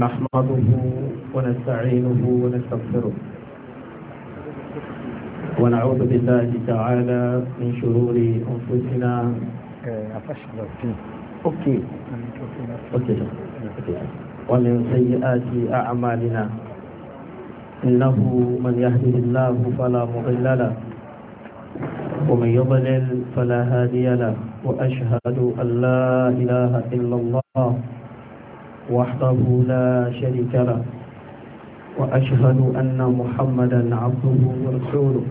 نحمده ونستعينه ونستغفره ونعوذ بالله تعالى من شرور أنفسنا أوكي أوكي ومن سيئات أعمالنا إنه من يهده الله فلا مضل له ومن يضلل فلا هادي له وأشهد أن لا إله إلا الله وحده لا شريك له وأشهد أن محمدا عبده ورسوله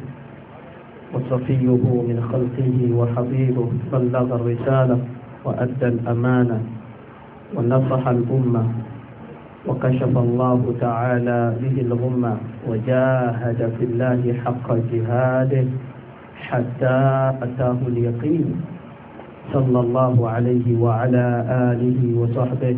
وصفيه من خلقه وحبيبه بلغ الرسالة وأدى الأمانة ونصح الأمة وكشف الله تعالى به الغمة وجاهد في الله حق جهاده حتى أتاه اليقين صلى الله عليه وعلى آله وصحبه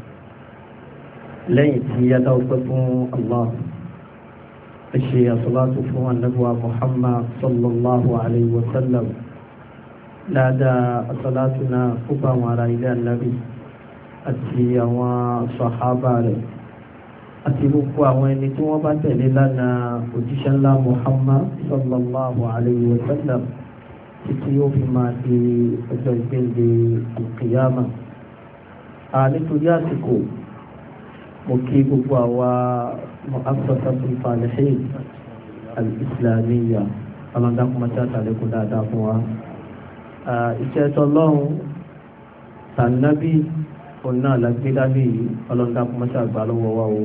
lẹ́yìn tí yá dáwọ́pẹ́ fún Allah ṣe àsọ́látò fún anábíwá Muhammad sallallahu alayhi wa sallam dáadáa àsọ́látò náà fúnpa àwọn ará ilé anábì àti àwọn sàhábà rẹ̀ àti gbogbo àwọn ẹni tí wọ́n bá tẹ̀lé lánàá òjíṣẹ́ ńlá Muhammad sallallahu alayhi wa títí yóò fi máa di ọjọ́ ìgbéǹde ìkìyàmà. nítorí àsìkò mo kí gbogbo àwa mu'assasatul falihin al-islamiyya aláǹdàkùnmáṣá àtàlẹ́kùn dáadáa fún wa. iṣẹ́ tọ́lọ́run tànàbí òun náà lágbédálé yìí ọlọ́ǹdàkùnmáṣá àgbà lọ́wọ́ wa o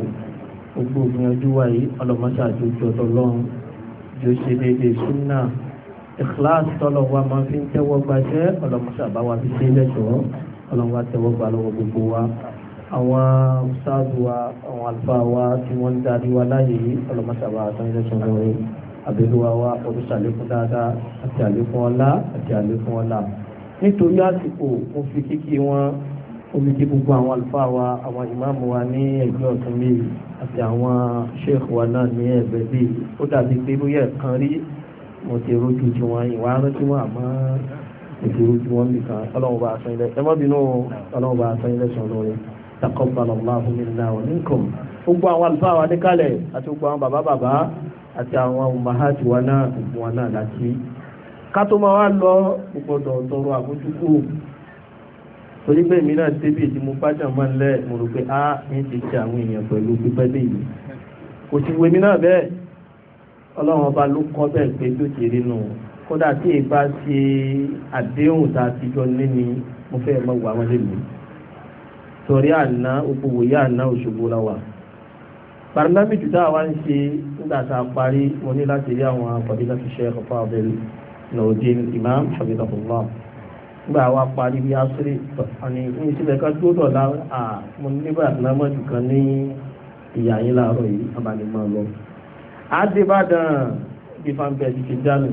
gbogbo ìgbìyànjú wa yìí ọlọ́mọṣá àjọjọ tọ́lọ́run yóò ṣe déédéé súnà ìkíláàsì tọ́lọ̀ wa máa fi ń tẹ́wọ́ gbaṣẹ́ ọlọ́mọṣá àbáwá fi ṣe lẹ́ṣọ̀ọ́ ọlọ́mọṣá tẹ́wọ́ gbà lọ́wọ́ gbogbo wa àwọn ṣáàdù wa àwọn àlùfáà wa tí wọ́n ń darí wa láàyè yìí ọlọ́mọṣàbà àtọ́nilẹ́sùn lórí àbẹ̀lúwa wa olùṣàlékún dáadáa àti àlékún ọlá àti àlékún ọlá nítorí àsìkò mo fi kíkí wọn omi kí gbogbo àwọn àlùfáà wa àwọn ìmáàmù wa ní ẹgbẹ́ ọ̀tún mi àti àwọn sheikh wa náà ní ẹgbẹ́ bí ó dàbí pé bóyá ẹ̀kan rí mo ti rójú tí wọ́n ìwà rántí wọn àmọ́ mo ti rójú wọn nìkan ọlọ́run bá a sọ ilẹ̀ ẹ má bínú ọlọ́run bá a sọ ilẹ̀ sọ lórí. تقبل الله منا ومنكم gbogbo àwọn àlùfáà wa ní kalẹ̀ àti gbogbo àwọn bàbá bàbá àti àwọn mahati wa náà gbogbo wa náà láti ká máa wá lọ gbogbo tọrọ àbójúkú torí pé èmi náà débi tí mo bá jà máa ń lẹ mo rò pé a ń ti ṣe àwọn èèyàn pẹ̀lú pípẹ́ léyìí kò sì wèmi náà bẹ́ẹ̀ ọlọ́run ọba ló kọ́ bẹ́ẹ̀ pé lóde nínú kódà tí èyí bá ṣe àdéhùn tá a ti jọ ní mo fẹ́ mọ̀ wà wọ́n mi torí àná òpòwò yá àná òṣogbo la wà pàrọ̀lámìtì tá a wá ń ṣe nígbà tá a parí mo ní láti rí àwọn àpàdégbà tó ṣe ẹ̀kọ́ fáwọn Nurudeen Imam habibullah nígbà wa parí bí asiri àní ní ìṣẹ̀lẹ̀ ká tó dọ̀la à mo nígbà lámọ̀jù kan ní ìyá yín láàárọ̀ yìí abánimọ̀ lọ. Adébàdàn bí fanbẹ́ẹ̀ ti ṣe dánù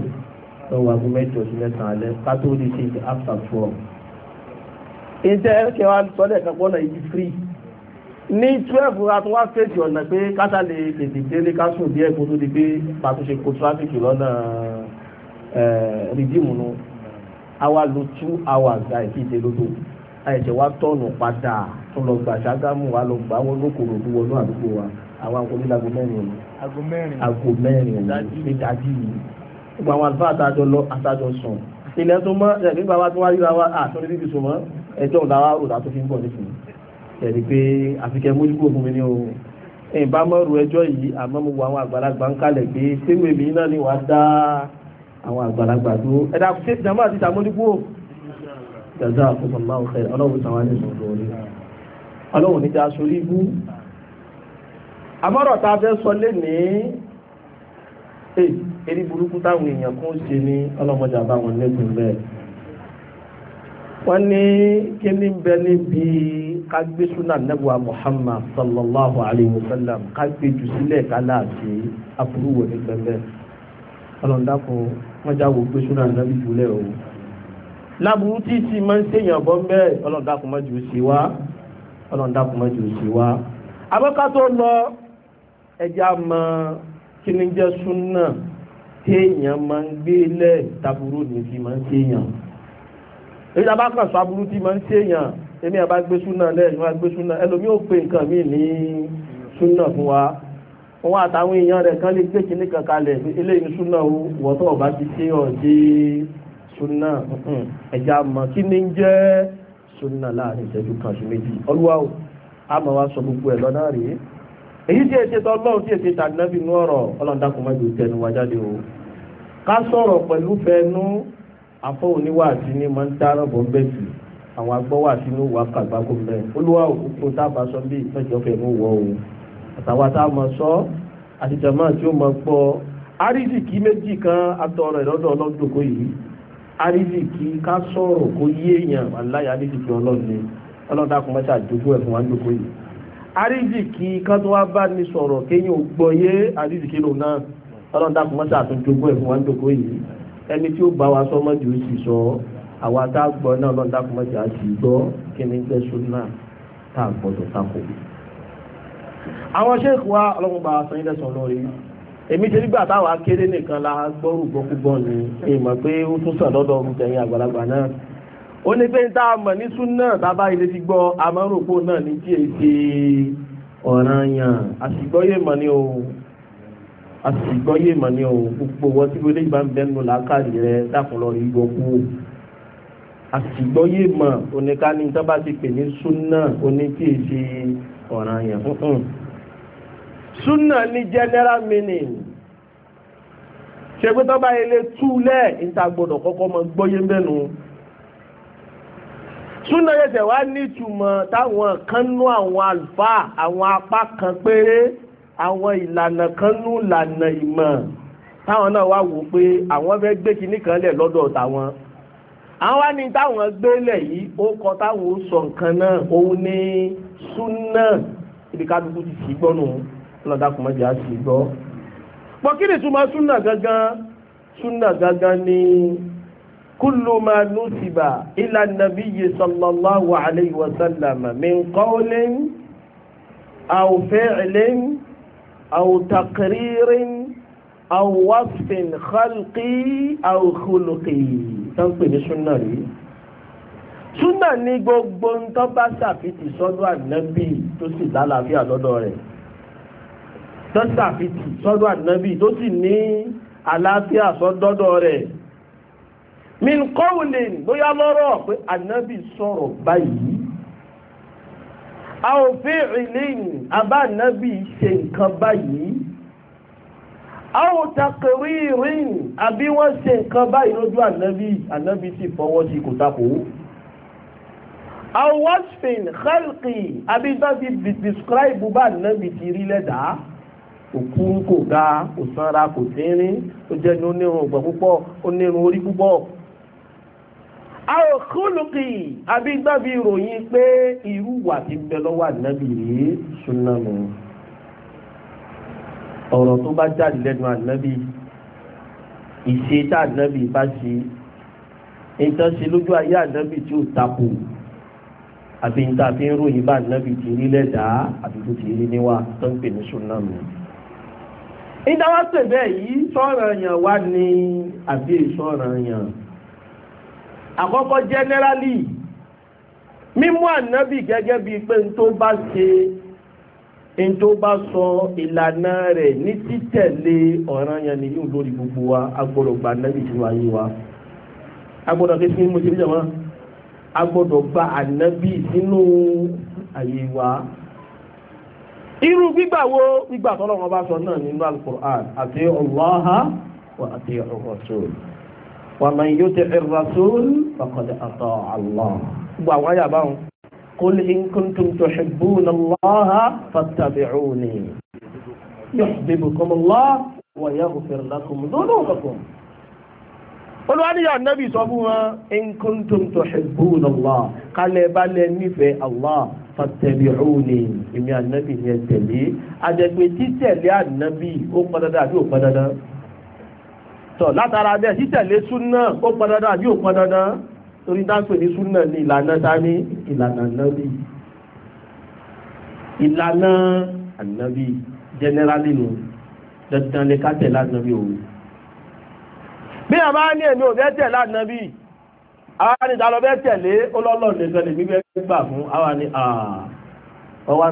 lọ́wọ́ agunmẹ́jọ sí mẹ́sàn-án alẹ́ ká tó rí after twelve ìjẹ́ kẹwàá sọ́dẹ̀ kan pọ́nà ìdí free ní twelve a tún wá fèsì ọ̀nà pé kátà lè tètè délé ká sùn díẹ̀ kó tó di pé pàtúnṣe kó tráfíkì lọ́nà rìdíìmù nu àwa lo two hours àìsí ìdélódò àìsẹ̀ wá tọ̀nù padà tó lọ gbà Ṣàgámù wa lọ gbà wọn lókòrò tó wọnú àdúgbò wa àwọn akọni lago mẹ́rin ago mẹ́rin ago mẹ́rin nídàájí yìí gbogbo àwọn àlùfáà àtàjọ lọ àtàjọ sùn ilẹ̀ tó mọ́ ẹ̀ nígbà wa tó wá ríra wa àtọ́ni bíbí sùn mọ́ ẹjọ́ ọ̀dáwà òdà tó fi ń bọ̀ nísìnyí ẹ̀rí pé àfikẹ́ mójúkò fún mi ní o ìbá mọ́rù ẹjọ́ yìí àmọ́ mo wọ àwọn àgbàlagbà ń kalẹ̀ pé séwé mi náà ni wàá dá àwọn àgbàlagbà dúró ẹ̀dá ṣé ìjàmbá àti ìtàmójúkò jàdá àkókòmá ọ̀fẹ́ ọlọ́run tàwa ní sọ̀rọ̀ orí ọlọ́run ní já sórí ibú àmọ́rọ̀ tá a fẹ́ sọ lé ní eh, táwọn èèyàn kún ṣe ní wọ́n ní kí ní bẹ níbi kágbé súnà nẹ́bùwà Muhammad sallallahu alayhi wa sallam kágbé jù sílẹ̀ kálá àti àbúrúwò ní pẹ́pẹ́ ọlọ́ndàkùn wọ́n já wo gbé súnà nẹ́bì jùlẹ̀ o láburú tí ti máa ń ṣèyàn bọ́ bẹ́ẹ̀ ọlọ́ndàkùn mọ́ jù sí wá ọlọ́ndàkùn mọ́ jù sí wá abọ́ká lọ ẹja mọ kí ní téèyàn máa ń gbé lẹ̀ táburú ní fi máa ń ṣèyàn èyí tá a bá kàn sọ aburú tí máa ń ṣe èèyàn èmi àbá gbé súnà lẹ́yìn wá gbé súnà ẹlòmí ò pe nǹkan míì ní súnà fún wa wọn àtàwọn èèyàn rẹ̀ kan lè gbé kinní kan kalẹ̀ eléyìí súnà o wọ́tọ̀ ọba ti ṣe ọ̀dẹ́ súnà ẹ̀já mọ̀ kí ni ń jẹ́ súnà láàrin ìṣẹ́jú kan sí méjì ọlúwa o a máa wá sọ gbogbo ẹ̀ lọ́nà rèé èyí tí èsì tọ́lọ́run tí èsì tàdínàbì nú ọ̀rọ̀ ọlọ́ndàkùnmọ́ ìlú wájáde o ká sọ̀rọ̀ pẹ̀lú fẹnu afọ́ oníwàásí ni máa ń dára bọ́ bẹ́ẹ̀ sí àwọn agbọ́wàásí ló wà kàgbá kó bẹ́ẹ̀ olúwa òkú tá a bá sọ bí ìpẹ́jọ́ fẹ́ mú wọ òun àtàwọn tá a mọ̀ sọ àtìjàmọ́ tí ó mọ̀ gbọ́ àrísìkí méjì kan atọ́rọ̀ ìlọ́dọ̀ ọlọ́dọ̀kọ yìí àrísìkí ká sọ̀rọ̀ kó yé èèyàn aláya àrísìkí ọlọ́ọ̀ni ọlọ́dà kò mọ́ṣá àdójú ẹ̀ fún wa ńdọ̀kọ yìí àrísìkí ká tó wá bá ní sọ̀rọ̀ kéèyàn gbọ́ yé àrísìkí lòun náà ọlọ́dà kò mọ́ṣá àtúndógún ẹ̀ fún wa yìí ẹni tí ó bá wa sọ mọ́jú ó sì sọ àwa tá a gbọ́ náà lọ́dún dákun mọ́jú á sì gbọ́ kí ni jẹ́ súnà tá a gbọ́dọ̀ tako. àwọn sẹ́ẹ̀kì wa ọlọ́run bá sọ yín lẹ́sàn lórí èmi ṣe nígbà táwọn akéré nìkan la gbọ́rù gbọ́kúgbọ́n ni èèmọ̀ pé ó tún sàn lọ́dọ̀ ọmọdéyìn àgbàlagbà náà ó ní pé tá a mọ̀ ní súnà tábà ilé ti gbọ́ amárùkù náà ní tí èsì ọ̀ràn yàn àṣìgbọ́yé mọ̀ ní òun a sì gbọ́ yé mọ̀ ní o gbogbo wọn tí wọlé ìbá ń bẹnu làákàrí rẹ dákun lọ rí gbọ́ kú o a sì yé mọ̀ oníkání tó ti pè ní súnà oníkèéṣe ọ̀ràn yẹn súnà ní general meaning ṣe pé tó bá yẹ lé túlẹ̀ níta gbọ́dọ̀ kọ́kọ́ mọ gbọ́ yé mẹ́nu súnà yẹsẹ̀ wá nítumọ̀ táwọn kan nú àwọn àlùfáà àwọn apá kan péré àwọn ìlànà kan nú ìlànà ìmọ̀ táwọn náà wá wò pé àwọn fẹ́ gbé kinní kan lẹ̀ lọ́dọ̀ tàwọn àwọn wá ní táwọn gbélẹ̀ yìí ó kọ táwọn ó sọ nǹkan náà òun ní súnà ibi kálukú ti sì gbọ́ nù lọ́dàkùnmọ́jà sì gbọ́ pọ̀ kí ni túmọ̀ súnà gangan súnà gangan ni kullu ma nusiba ila nabiyyi sallallahu alayhi wa sallam min qawlin aw fi'lin. أو تقرير أو وصف خلقي أو خلقي تنقل السنة súnà ní gbogbo ń tó bá ṣàfitì sọ́dọ̀ ànábì tó sì lálàáfíà lọ́dọ̀ rẹ̀ tó ṣàfitì sọ́dọ̀ ànábì tó sì ní àlàáfíà sọ́dọ̀ rẹ̀ min qawlin bóyá lọ́rọ̀ pé ànábì sọ̀rọ̀ báyìí a ò fi ìlẹ́yìn abánábì ṣe nǹkan báyìí a ò takiri ìrìn àbí wọ́n ṣe nǹkan báyìí lójú ànábì ànábì sì fọwọ́ sí kò tako awọ́sfin xẹ́lìkì àbí tó ti bá ànábì ti rí lẹ́dàá òkú kò ga kò sanra kò tínrín ó jẹ́ ní onírun ọ̀gbọ̀n púpọ̀ onírun orí púpọ̀ àwọn kúlùkì àbí gbàbí ìròyìn pé irú wà ti bẹ lọ́wọ́ ànábì rèé súnà mi ọ̀rọ̀ tó bá jáde lẹ́nu ànábì ìṣe tá ànábì bá ṣe nǹkan ṣe lójú ayé ànábì tí ó tako àbí nǹkan àfi ń ròyìn bá ànábì ti rí lẹ́dàá àbí tó ti rí níwá tó ń pè ní súnà ìdáwọ́sẹ̀ bẹ́ẹ̀ yìí sọ̀rọ̀ yàn wá ní àbí ìsọ̀rọ̀ yàn àkọ́kọ́ generally mímú ànábì gẹ́gẹ́ bíi pé n tó bá ṣe n tó bá sọ ìlànà rẹ̀ ní títẹ̀lé ọ̀ranyàn nìyí lórí gbogbo wa agbọ́dọ̀ gba ànábì sínú ayé wa agbọ́dọ̀ kí sínú mọ́tò ìjọba agbọ́dọ̀ gba ànábì sínú ayé wa irú gbígbà wo gbígbà tọ́lọ́run bá sọ náà nínú alukur'an àti ọlọ́ha àti ọ̀rọ̀ sọ̀rọ̀. ومن يطع الرسول فقد أطاع الله وعيا باو قل إن كنتم تحبون الله فاتبعوني يحببكم الله ويغفر لكم ذنوبكم Olúwa ní yà nẹ́bì sọ fún wọn, in kuntum tuhibbuna Allah, kalẹ̀ bá lẹ nífẹ̀ẹ́ Allah, fattabi'uni, ìmì ànẹ́bì ni ẹ tẹ̀lé, àjẹ̀gbẹ̀ títẹ̀lé ànẹ́bì ó pọ́dádá àbí ò pọ́dádá tọ̀ látara bẹ́ẹ̀ títẹ̀lé súnà ó pọn dandan àbí ò pọn dandan torí dáńpẹ̀ ní súnà ní ìlànà dání ìlànà nábì ìlànà ànábì jẹnẹrálì nù dandan lè ká tẹ̀lé ànábì òun bí a máa ní èmi ò fẹ́ tẹ̀lé ànábì àwọn àníjàlọ fẹ́ tẹ̀lé ọlọ́lọ́ nìkan lèmi fẹ́ gbà fún àwọn àní ọwá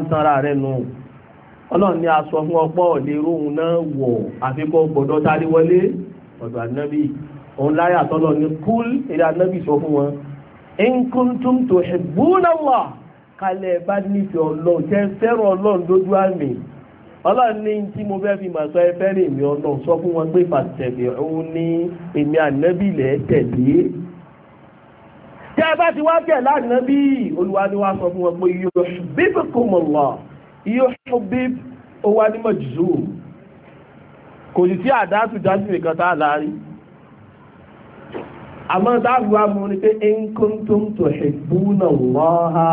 ń ni a sọ fún ọpọ́ ọ̀lẹ́rú náà wọ̀ àfikọ́ gbọ́dọ̀ táríwọlé ọ̀dọ̀ ànábì òun láyà tọ́lọ̀ ní kúl ilé ànábì sọ fún wọn in kuntum tuhibbuna Allah kalẹ̀ bá nífẹ̀ẹ́ ọlọ́run tẹ́ fẹ́ràn ọlọ́run lójú àmì ọlọ́run ní tí mo fẹ́ fi mà sọ ẹ fẹ́ràn èmi ọlọ́run sọ fún wọn pé fàtẹ̀lẹ̀ òun ní èmi ànábì lẹ̀ tẹ̀lé tẹ́ bá ti wá tẹ̀ lánàbí olúwa ni wá sọ fún wọn pé yuhbibkumullah yuhbib ó wá ní mọ̀jùzùm kò sì tí àdásù jásù nìkan tá láàrí àmọ́ dáàbò wa mú ní pé in kuntum tuhibbuna Allaha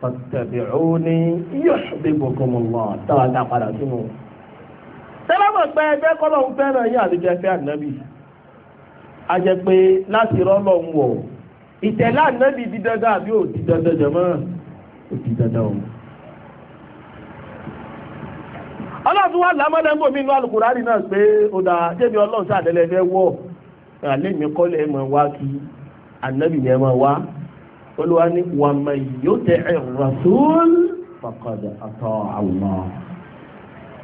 fattabi'uni yuhibbukum Allah táwa dá padà sínú tẹ́lẹ́mọ̀ pé ẹgbẹ́ kọ́lọ̀ ń fẹ́ràn yín àdìjẹ́ fẹ́ ànábì a jẹ pé láti ìtẹ̀lá ànábì di dandan àbí ò di dandan jẹ̀mọ́ ò di dandan ọlọ́run wá lámọ́dá ń bò mí inú alùkùránì náà pé ó dáa jẹ́bi ọlọ́run sàdẹ́lẹ̀ fẹ́ wọ̀ alẹ́ mi kọ́lẹ̀ mọ̀ wá kí ànábì yẹn mọ̀ wá olúwa ní wà mọ̀ yóò tẹ ar-rasul faqad ata Allah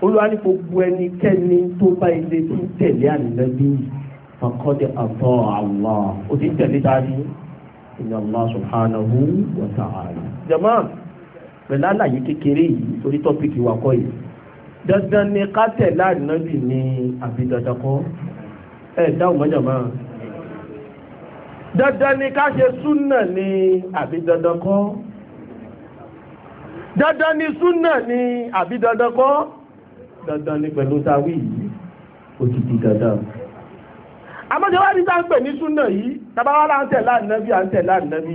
olúwa ní gbogbo ẹnikẹ́ni tó bá ilé tó tẹ̀lé ànábì faqad ata Allah ó ti tẹ̀lé dáadé inna Allah subhanahu wa pẹ̀lú àlàyé kékeré yìí torí tọ́pìkì wa kọ́ yìí dandan ni ká tẹ̀lé ànábì ni àbí dandan kọ́ ẹ dáhùn dandan ni ká ṣe súnà ni àbí dandan ni súnà ni àbí dandan ni pẹ̀lú tawí yìí ó ti di dandan àmọ́jọ́ wá ní tá ń pè ní súnà yìí tabawa là ń tẹ̀lé ànábì à ń tẹ̀lé ànábì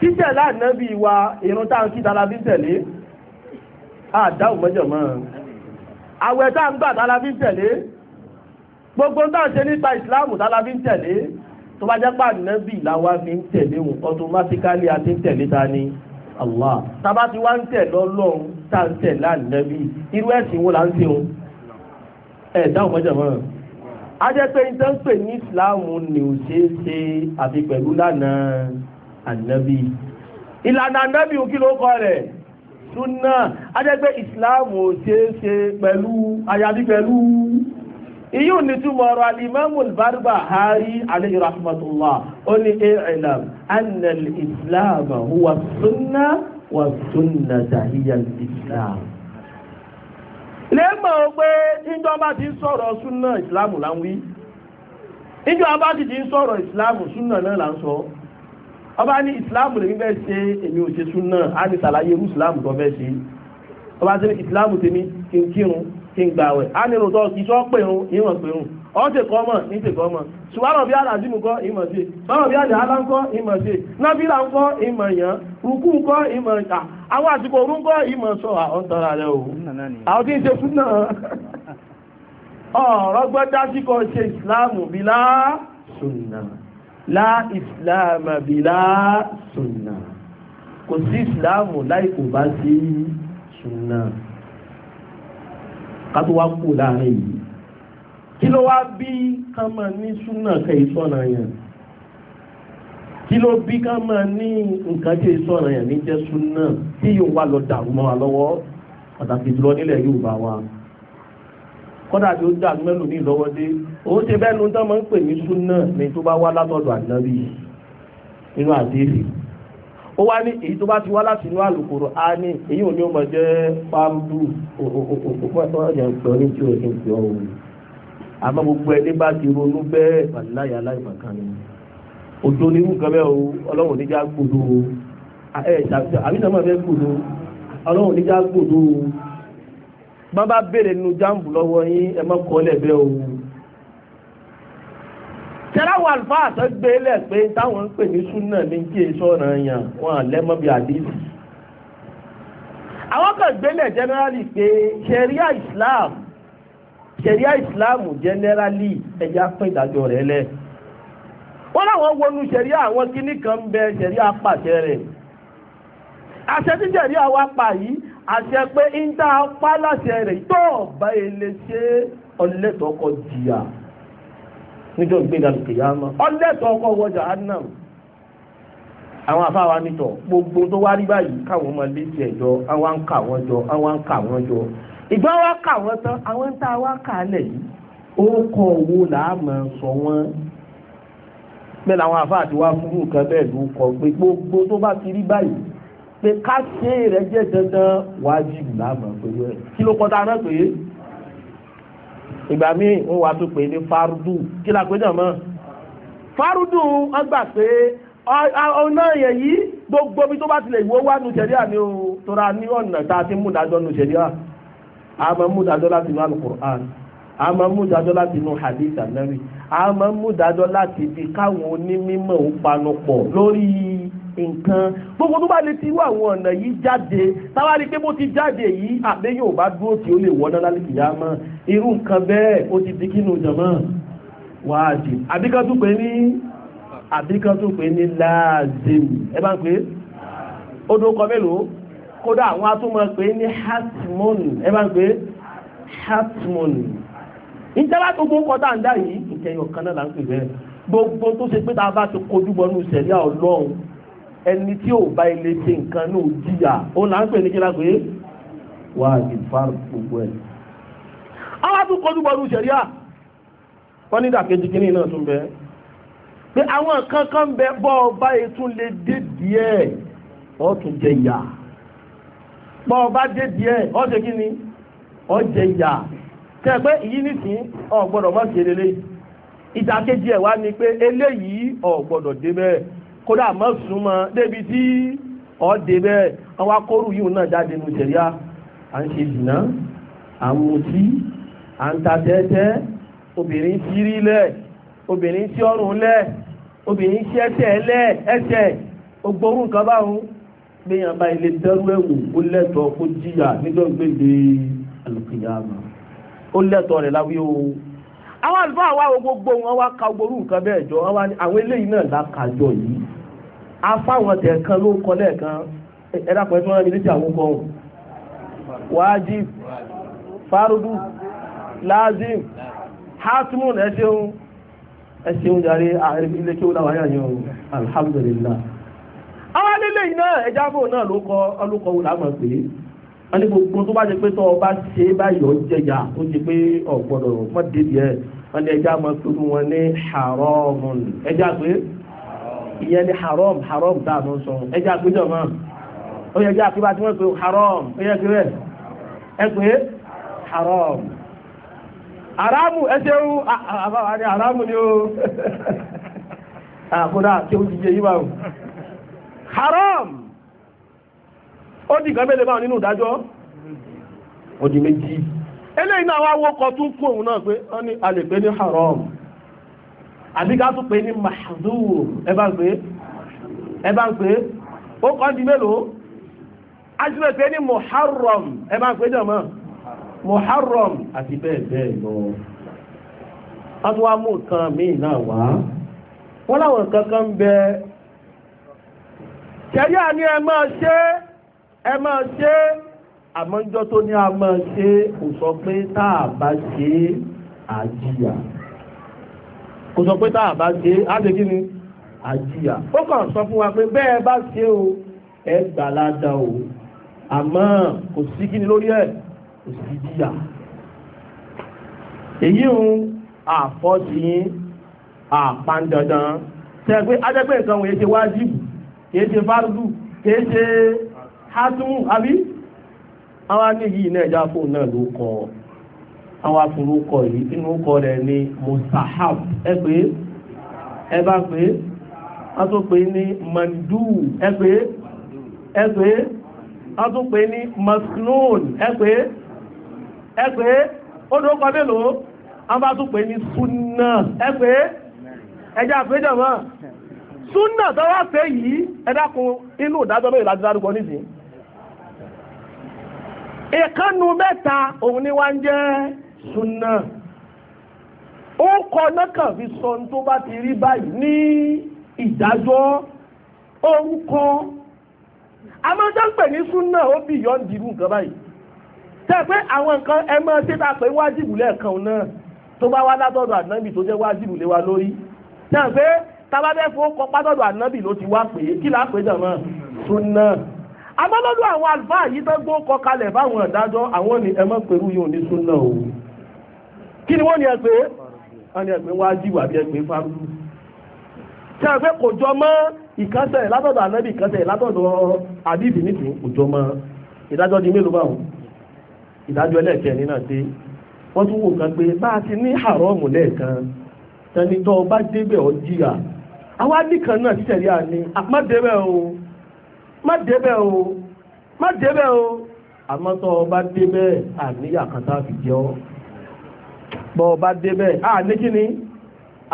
títẹ̀lé ànábì wa ìrun tá ń kí tara bí tẹ̀lé àdáhùn mọ́jọ̀ àwẹ̀ tá ń gbà tààlà fi ń tẹ̀lé gbogbo náà ṣe nípa ìsìláàmù tààlà fi ń tẹ̀lé tó bá jẹ́ pà nẹ́bì làwa fi ń tẹ̀lé òun automatically a ti ń tẹ̀lé ta ni Allah tàbá ti wá ń tẹ̀ lọ́lọ́run tá ń tẹ̀ láàrínẹ́bì irú ẹ̀sìn wo là ń ṣe òun ẹ̀ dáhùn mọ́jọ̀ mọ́ a jẹ́ pé ìtàn ń pè ní ìsìláàmù ni ò ṣe é ṣe àfi pẹ̀lú lánàá ànábì ìlànà ànábì òkìlókọ súnà ajẹ́gbẹ́ ìsìláàmù ò ṣe é ṣe pẹ̀lú àyàbí pẹ̀lú iyún ní túmọ̀ ọ̀rọ̀ alimami al-Barbahari alayhi rahmatullah ó ní i'lam anna al-islam huwa súnà wà súnà hiya al-islam lẹ́mọ̀ pé ìjọba ti sọ̀rọ̀ súnà ìsìláàmù láwí ìjọba ti sọ̀rọ̀ ìsìláàmù súnà náà là ń ọba ní ìsìláàmù lè fẹ́ ṣe èmi ò ṣe súnà á ní sàlàyé irú ìsìláàmù tó fẹ́ ṣe ọba ṣe ìsìláàmù tèmi kí n kírun kí n gbà wẹ̀ á ní irun tó kì í sọ pé irun ìwọ̀n pé irun ọ́n ṣe kọ́ mọ̀ ní ṣe kọ́ mọ̀ ṣùgbọ́n bí aláàzímù kọ́ ìmọ̀ ṣe báwọn bí aláàlá ń kọ́ ìmọ̀ ṣe nábìlà ń kọ́ ìmọ̀ yàn rúkú ń kọ́ ìmọ̀ ṣà àwọn àsìkò òru ń kọ́ ìmọ̀ sọ àwọn tọ́ra rẹ o àwọn tí ń ṣe fún náà ọ̀rọ̀ gbọ́dá sí kọ́ ṣe ìsìláàmù bílá sunnah la islam bila sunna kò sí islamu láì kò bá sí sunna ká tó wá kú láàrin yìí kí ló wá bí ká máa ní sunna kan ìsọ̀nà yẹn kí ló bí ká máa ní nǹkan tí ìsọ̀nà yẹn ní jẹ́ sunna tí yóò wá lọ dàrú mọ́ wa lọ́wọ́ pàtàkì jùlọ nílẹ̀ Yorùbá wa kọ́dà tí ó dà mẹ́lò ní ìlọ́wọ́ dé ó ṣe bẹ́ẹ̀ ló ń tán máa ń pè ní súnà ní tó bá wá látọ̀dọ̀ ànábì nínú àdéhìí ó wá ní èyí tó bá ti wá láti inú àlùkòrò á ní èyí ò ní ó mọ jẹ́ pàmbù àmọ́ gbogbo ẹni bá ti ronú bẹ́ẹ̀ pàdíláyà aláìmọ̀kan ni òjò ní nǹkan bẹ́ẹ̀ o ọlọ́run níjà gbòdo àbí sàmọ́ bẹ́ẹ̀ gbòdo ọlọ́run níjà gbòdo o bá bá béèrè nínú jáàmù lọ́wọ́ yín ẹ má kọ́ lẹ́bẹ̀ o. tẹ́láwọ̀ àlùfáà àtọ́ gbé e lẹ̀ pé táwọn ń pè ní súnà ní kí èso ọ̀ràn yàn wọn lẹ́mọ́ bí àdéhùn. àwọn kan gbélẹ̀ jẹ́nẹ́rálì pé ṣẹ̀ríà Islam ṣẹ̀ríà Islam jẹ́nẹ́rálì ẹ̀yà pín ìdájọ́ rẹ̀ lẹ̀ wọ́n láwọn wọnú ṣẹ̀ríà àwọn kíní kan bẹ ṣẹ̀ríà pàṣẹ rẹ̀ àṣẹ tí ṣẹ̀ríà wa pa yìí àṣẹ pé ń tá a pa láṣẹ rẹ̀ tó ọ̀bá ilé ṣe ọlẹ́tọ̀ ọkọ̀ jìyà níjọ́ ìgbéga kìyàmá ọlẹ́tọ̀ ọkọ̀ wọ jahannam àwọn afáwa nítọ̀ gbogbo tó wá rí báyìí káwọn ọmọ létí ẹ̀jọ́ àwọn ń kà wọ́n jọ àwọn ń kà wọ́n jọ ìgbà wa kà wọ́n tán àwọn tá a wá kà lẹ̀ yìí ó kọ owó làámọ sọ wọ́n bẹ́ẹ̀ làwọn afáà ti fún nǹkan bẹ́ẹ̀ ló kọ pé gbogbo tó bá ti rí báyìí pé ká ṣe rẹ̀ jẹ́ dandan wájìbù láàmú pẹ̀lú ẹ̀ kí ló kọ́ta náà pé ìgbà míì ń wá tó pé ní fárúdù kí la pé jàmọ́ fárúdù wọ́n pé ọ̀nà yẹn yìí gbogbo bí tó bá tilẹ̀ ìwó wà nù sẹ̀ríà o tora ní ọ̀nà tá a ti mú dájọ́ nù sẹ̀ríà a mú dájọ́ láti inú alukur'an a mú dájọ́ láti inú hadith anabi a mú dájọ́ láti ibi káwọn onímọ̀ ń panupọ̀ lórí nǹkan gbogbo tó bá lè ti wá àwọn ọ̀nà yìí jáde táwárí pé bó ti jáde yìí àbẹ́ yóò bá dúró tí ó lè wọ́ná lálẹ́kìyà mọ́ irú nǹkan bẹ́ẹ̀ ó ti di kínú jọmọ́ wáàjì àbíkan tó pè ní àbíkan tó pè ní láàzìm ẹ bá ń pè ó dó kọ mélòó kódà àwọn atúmọ̀ pè ní hatmon ẹ bá ń pè hatmon ìjọba tó kó kọta ń dá yìí ìkẹyọ̀ kan náà là ń pè bẹ́ẹ̀ gbogbo tó ṣe pé tá a bá ti kojú bọnú ìṣẹ̀lẹ̀ ọlọ́run ẹni tí ò bá ilé ṣe nǹkan náà jìyà ó là ń pè ní wà di far gbogbo ẹ̀. àwọn kojú bọ́ọ̀lù ṣẹ̀ríà wọ́n ní ìdàkejì kínní náà tún bẹ́ẹ̀ pé àwọn kankan bẹ bọ́ ọba ètún lè dé jẹ ìyà bọ́ ọba dé díẹ̀ jẹ ìyà ìyí ọ̀ ìdàkejì ẹ̀ wá ni pé ọ̀ dé kódà mọ́ súnmọ́ débi tí ọ̀dẹ̀ bẹ́ẹ̀ wọ́n wá kóru yìí náà jáde nù sẹ̀ríà à ń ṣe dìná à ń mutí à ń ta tẹ́tẹ́ obìnrin tí rí lẹ̀ obìnrin tí ọrùn lẹ̀ obìnrin tí ẹsẹ̀ lẹ̀ ẹsẹ̀ ogbórú nǹkan báwọn gbéyàn bá ilé dẹ́rú ẹ̀wò ó lẹ́tọ̀ọ́ kó jìyà níjọ́ gbèdé àlùkìyàmà ó lẹ́tọ̀ọ́ rẹ̀ láwí o. àwọn àlùfáà wá gbogbo wọn wá ka gbogbo nǹkan bẹ́ẹ̀ jọ àwọn eléyìí náà lákàjọ yìí afáwọn kan ló kọ lẹ́ẹ̀kan ẹ̀dá pẹ̀lú tí wọ́n létí àwọn kan wájib fárúdù lázim hatmun ẹ ṣeun ẹ ṣeun jàre ilé kí ó láwáyà yẹn alhamdulillah àwọn eléyìí náà ẹjábò náà ló kọ ọlọ́kọ̀ wò wọ́n ní gbogbo tó bá ṣe pé tọ́ ọba ṣe báyọ̀ jẹjà ó ṣe pé ọ̀gbọ́dọ̀ mọ́tẹ́dì ẹ̀ wọ́n ní ẹja máa tó fún wọn ní haramun ẹja pé ìyẹn ní haram haram tá a mọ̀ sọ ẹja pé jọ̀ mọ́ ó yẹ ẹja pé bá ti wọ́n pé haram ó yẹ pé rẹ̀ ẹ pé haram haramu ẹ ṣeun àbáwá ni haramu ni ó àkúrà tí ó ti jẹ yí báwọn haram. ó di nǹkan mélòó báwọn nínú ìdájọ́ ó di méjì eléyìí náà wá wọ́kọ̀ tún òun náà pé ní a haram àbí tún pè ní mahadúró ẹ ń a ti ní muharram ẹ ń muharram àti bẹ́ẹ̀ bẹ́ẹ̀ lọ a tún wá mú nǹkan míì náà wá wọ́n láwọn kankan bẹ ni ẹ máa ṣe ẹ máa ṣe àmọ́jọ́ tó ní a máa ṣe kò sọ pé tá a bá ṣe àjíyà kò sọ pé tá a bá ṣe á ṣe kí ni àjíyà ó kàn sọ fún wa pé bẹ́ẹ̀ bá ṣe o ẹ gbà ládà o àmọ́ kò sí kí ni lórí ẹ̀ kò sí jíyà èyí ń àfọ́sí àpandandan tẹ́ pé ajẹ́pẹ́ nǹkan wòye ṣe wájìbù kìí ṣe fárúdù kìí ṣe hátúmù àbí àwọn ní yìí náà já fóun náà ló kọ àwọn afurukọ yìí inú kọ rẹ̀ ní mustahab ẹ pé ẹ bá pé wọ́n tún pè ní mandu ẹ pé ẹ pé wọ́n tún pè ní masnoon ẹ pé ẹ pé ó ló kọ mélòó wọ́n bá tún pè ní sunna ẹ pé ẹjá àpéjọ mọ́ sunna tó wá pé yìí ẹ dákun inú ìdájọ́ lóyè láti dárúkọ nísìnyí ìkànnù mẹ́ta òun ni wá ń jẹ́ súnà ó kọ nákàn fi sọ tó bá ti rí báyìí ní ìdájọ́ orúkọ amájọ́pẹ̀ ní súnà ó bì yọ́ ń dirú nǹkan báyìí tẹ́ pé àwọn nǹkan ẹ máa ṣe tá a pé wájìbù lẹ́ẹ̀kan náà tó bá wá látọ̀dọ̀ ànábì tó jẹ́ wájìbù lé wa lórí tẹ́ pé tábàbẹ́ pátọ̀dọ̀ ànábì ló ti wá pé kí là á pè jàmọ́ amọ́lọ́lù àwọn àlùfáà yìí tó gbó kọ kalẹ̀ fáwọn ìdájọ́ àwọn ni ẹmọ́ pẹ̀lú yóò ní súnà o kí ni wọ́n ni ẹgbẹ́ wọ́n ni ẹgbẹ́ wájíwà bí ẹgbẹ́ fárúkú tí a gbé kò jọ mọ́ ìkánṣẹ́ látọ̀dọ̀ ànábì ìkánṣẹ́ látọ̀dọ̀ àbíbì nìkan kò jọ mọ́ ìdájọ́ di mélòó báwọn ìdájọ́ ẹlẹ́ẹ̀kẹ́ ní náà dé wọ́n tún wò kan pé bá a ti ní àrọ́ọ̀mù lẹ́ẹ̀kan tẹnitọ́ bá débẹ̀ ọ jìyà àwa nìkan náà títẹ̀lé àní àpá débẹ̀ o má débẹ̀ o má débẹ̀ o àmọ́ tó o bá débẹ̀ àníyà kan a fi jẹ́ ọ́ bọ́ ọ bá débẹ̀ àní kí ni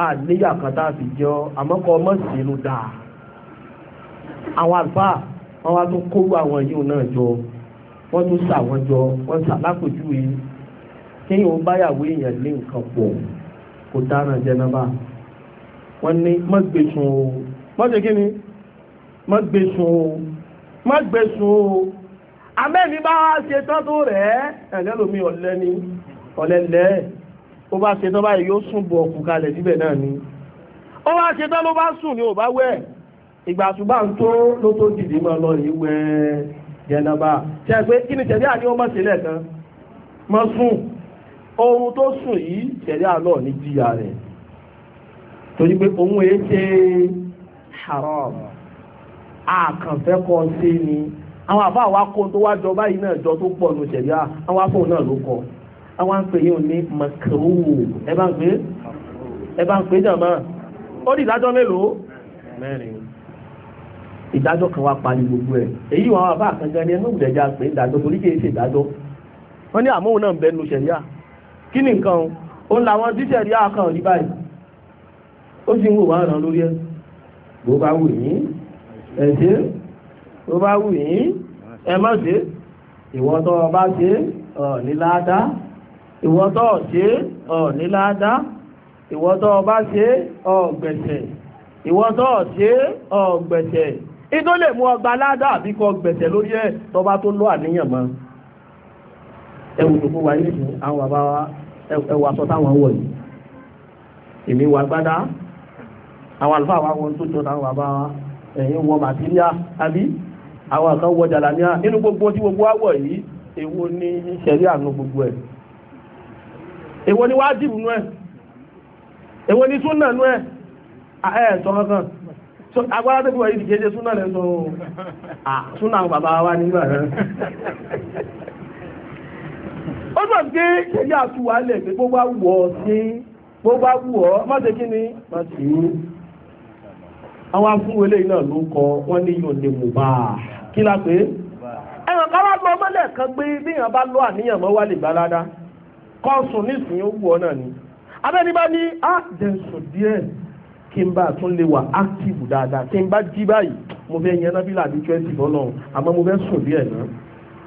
àníyà kan tá a fi jẹ́ ọ́ àmọ́ kọ́ ọmọ sínú dáa àwọn àlùfáà wọ́n wá tún kóró àwọn yìí náà jọ wọ́n tún sà wọ́n jọ wọ́n sà lápòjúwe kéèyàn ó báyàwó èèyàn lé nǹkan pọ̀ kò dára jẹnaba wọ́n ní mọ́gbèsùn o mọ́jẹ́ kí ni mọ́gbèsùn o má gbẹ̀sùn o amẹ́ni bá ṣe tán tó rẹ̀ ẹ̀lẹ́ lómi ọ̀lẹ́ ni ọ̀lẹ́lẹ́ ó bá ṣe tán báyìí yóò sùn bọ̀ ọ̀kù kalẹ̀ síbẹ̀ náà ni ó bá ṣe tán ló bá sùn ni ò bá wẹ̀ ìgbà àṣùgbà ń tó ló tó dìde mọ́ lọ yìí wẹ̀ jẹnaba ṣe pé kí ni tẹ̀lé àní ọmọ sílẹ̀ kan mọ́ sùn ohun tó sùn yìí tẹ̀lé àlọ́ ní jìyà rẹ̀ torí pé òun èé ṣe haram àkànfẹ́kọ sí ni àwọn àbá wa kó tó wá jọ báyìí náà jọ tó pọ̀ nù ṣẹ̀dá àwọn afọ náà ló kọ àwọn àpè yìí ò ní mọ̀kẹ́wò ẹ bá ń pè ẹ bá ń pè jàmá ó di ìdájọ́ mélòó mẹ́rin ìdájọ́ kan wá parí gbogbo ẹ̀ èyí wọn àbá àkànjẹ ni ẹnu ìdẹ̀já pé ìdájọ́ torí kì í ṣe ìdájọ́ wọ́n ní àmóhùn náà ń bẹnu ṣẹ̀dá kí ni nǹkan ó ń làwọn tíṣẹ̀ rí àkàn báyìí ó sì ń wò wá ràn lórí ẹ̀ bó bá wù ẹ̀ṣẹ́ tó bá wù yín ẹ má ṣe ìwọ tó o bá ṣe ọ̀ ní ládàá ìwọ tó o ṣe ọ̀ ní ládàá ìwọ tó o bá ṣe ọ̀ gbẹ̀ṣẹ̀ ìwọ tó o ṣe ọ̀ gbẹ̀ṣẹ̀ ìtó lè mú ọgbà ládàá àbí kọ gbẹ̀ṣẹ̀ lórí ẹ̀ tó bá tó lọ àníyàn mọ́ ẹwù tó kó wa yé ní àwọn bàbá wa ẹwù aṣọ táwọn wọ̀ yìí èmi wà gbádá àwọn àlùfáà wa wọn tó jọ táwọn bàbá wa ẹ̀yin wọ màtíríà àbí àwọn kan wọ jàlàníà nínú gbogbo tí gbogbo àwọ̀ yìí èwo ni ṣẹ̀rí àánú gbogbo ẹ̀ èwo ni wájìbù nú ẹ̀ èwo ni súnà nú ẹ̀ ẹ̀ sọ̀rọ̀ kan agbára tó fi wọ̀nyí kìí ṣe súnà lẹ́ sọ súnà àwọn bàbá wa nígbà rẹ̀ ó sọ pé ṣẹ̀rí àtúwálẹ̀ pé bó bá wù ọ́ sí bó bá wù ọ́ má ṣe kí ni má ṣe àwọn afún ilé náà ló kọ wọ́n ní yóò ní mùbá kí la pé ẹ̀rọ káwà lọ mọ́lẹ̀ kan gbé bíyàn bá lọ àníyàn mọ́ wà lè kọ́ sùn nísìnyí ó wù ọ́ náà ni abẹ́ni bá ní á ah, dẹ̀sùn díẹ̀ kí n bá tún lè wà áctìvù dáadáa kí n bá jí báyìí mo fẹ́ yẹn náà bí làbí twenty bọ́lọ̀ àmọ́ mo fẹ́ sùn díẹ̀ náà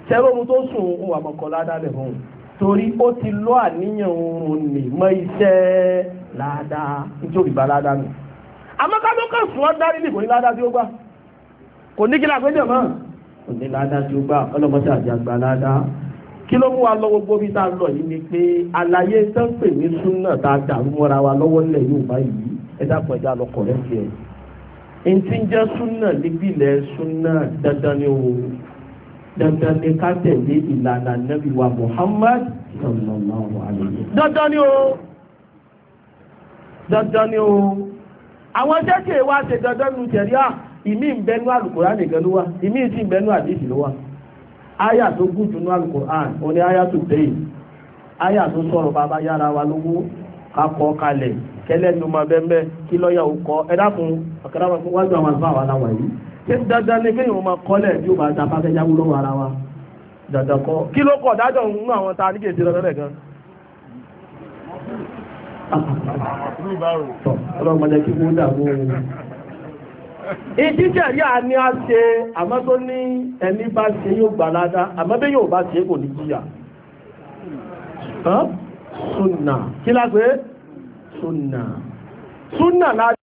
tẹ́rọ ohun tó sùn ó wà mọ́kọ́ torí ó ti lọ àníyàn oorun nì mọ́ iṣẹ́ ládàá nítorí bá ládàá nù àmọ́ ká ló kàn fún ọ dárí nìkò ní ládá tí ó gbà kò ní kí la péjọ mọ́ kò ní ládá tí ó gbà ọlọ́mọdé àti àgbà ládá kí ló mú wa lọ gbogbo bí tá lọ yìí ni pé àlàyé sẹ́ńpè ní súnà tá a dàrú mọ́ra wa lọ́wọ́ nílẹ̀ Yorùbá yìí ẹ dápọ̀ ẹja lọ kọ̀rẹ́ tiẹ̀ ẹni tí ń jẹ́ súnà níbí ilẹ̀ súnà dandan ni o dandan ni ká tẹ̀lé ìlànà nàbí wa Muhammad sallallahu alayhi wa sallam dandan ni o dandan ni o. àwọn jẹ́kẹ̀ẹ́ wa ṣe dandan nu tẹ̀ríà ìmí ìbẹ́nu àlùkòrán nìkan ló wà ìmí ìsì ìbẹ́nu àdìsí ló wà tó gùn jù nú àlùkòrán òní áyà tó tẹ̀yìn tó sọ̀rọ̀ bàbá yára wa lówó kakọ kalẹ̀ kẹlẹ́nu ma bẹ́ẹ̀ kí lọ́ọ̀yà kọ́ ẹ dákun wọn àwọn àlùfáà wa wa dandan kọ́ kí ló kọ̀ dájọ́ àwọn ta ní kèsì ọlọ́mọdé kí wọ́n dàbò ìdíjẹ̀ yà ní a ṣe àmọ́ tó ní ẹni bá ṣe yóò gbà ládá àmọ́ bí yóò bá ṣe kò ní jíyà sunna kí lágbé sunna sunna láti